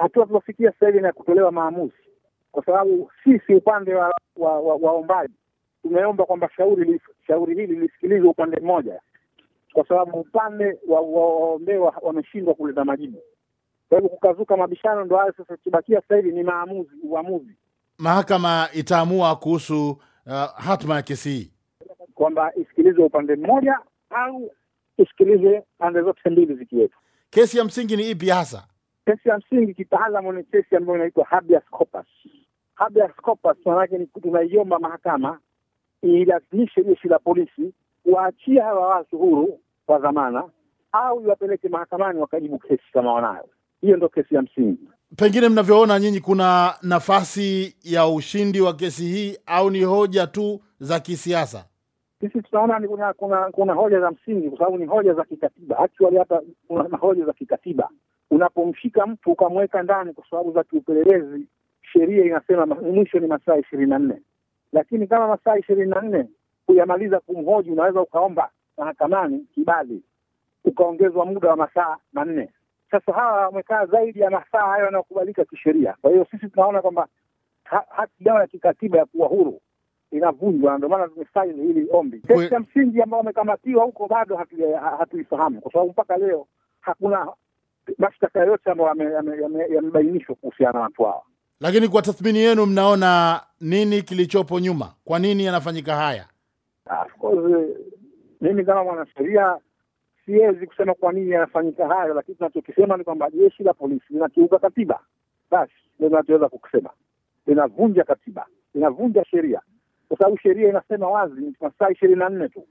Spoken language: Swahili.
hatua tuliofikia sasa hivi na kutolewa maamuzi, kwa sababu sisi upande wa waombaji wa, wa tumeomba kwamba shauri, shauri hili lisikilizwe upande mmoja, kwa sababu upande wa waombewa wameshindwa kuleta majibu. Kwa hivyo kukazuka mabishano, ndo hayo sasa. Kibakia sasa hivi ni maamuzi, uamuzi. Mahakama itaamua kuhusu uh, hatma ya kesi hii kwamba isikilizwe upande mmoja au isikilizwe pande zote mbili zikiwepo. Kesi ya msingi ni ipi hasa? Kesi ya msingi kitaalamu ni kesi ambayo inaitwa habeas corpus. Habeas corpus maanake ni tunaiomba mahakama ilazimishe jeshi la polisi waachie hawa watu huru kwa dhamana, au iwapeleke mahakamani wakajibu kesi kama wanayo. Hiyo ndo kesi ya msingi. Pengine mnavyoona nyinyi, kuna nafasi ya ushindi wa kesi hii au ni hoja tu za kisiasa? Sisi tunaona kuna, kuna, kuna hoja za msingi kwa sababu ni hoja za kikatiba. Actually hata kuna hoja za kikatiba unapomshika mtu ukamweka ndani kwa sababu za kiupelelezi, sheria inasema mwisho ni masaa ishirini na nne lakini kama masaa ishirini na nne kuyamaliza kumhoji, unaweza ukaomba mahakamani kibali ukaongezwa muda wa masaa manne. Sasa hawa wamekaa zaidi ya masaa hayo yanayokubalika kisheria. Kwa hiyo sisi tunaona kwamba haki yao ya kikatiba ya kuwa huru inavunjwa, ndio maana tumesaini hili ombi. Sekta msingi ambao wamekamatiwa huko bado hatuifahamu, kwa sababu mpaka leo hakuna mashtaka yote ambayo yamebainishwa kuhusiana na watu hawa. Lakini kwa tathmini yenu, mnaona nini kilichopo nyuma? Kwa nini yanafanyika haya? Ah, of course eh, mimi kama mwanasheria siwezi kusema kwa nini yanafanyika hayo, lakini tunachokisema ni kwamba jeshi la polisi linakiuka katiba. Basi ndio tunachoweza kukusema linavunja katiba, linavunja sheria, kwa sababu sheria inasema wazi masaa ishirini na nne tu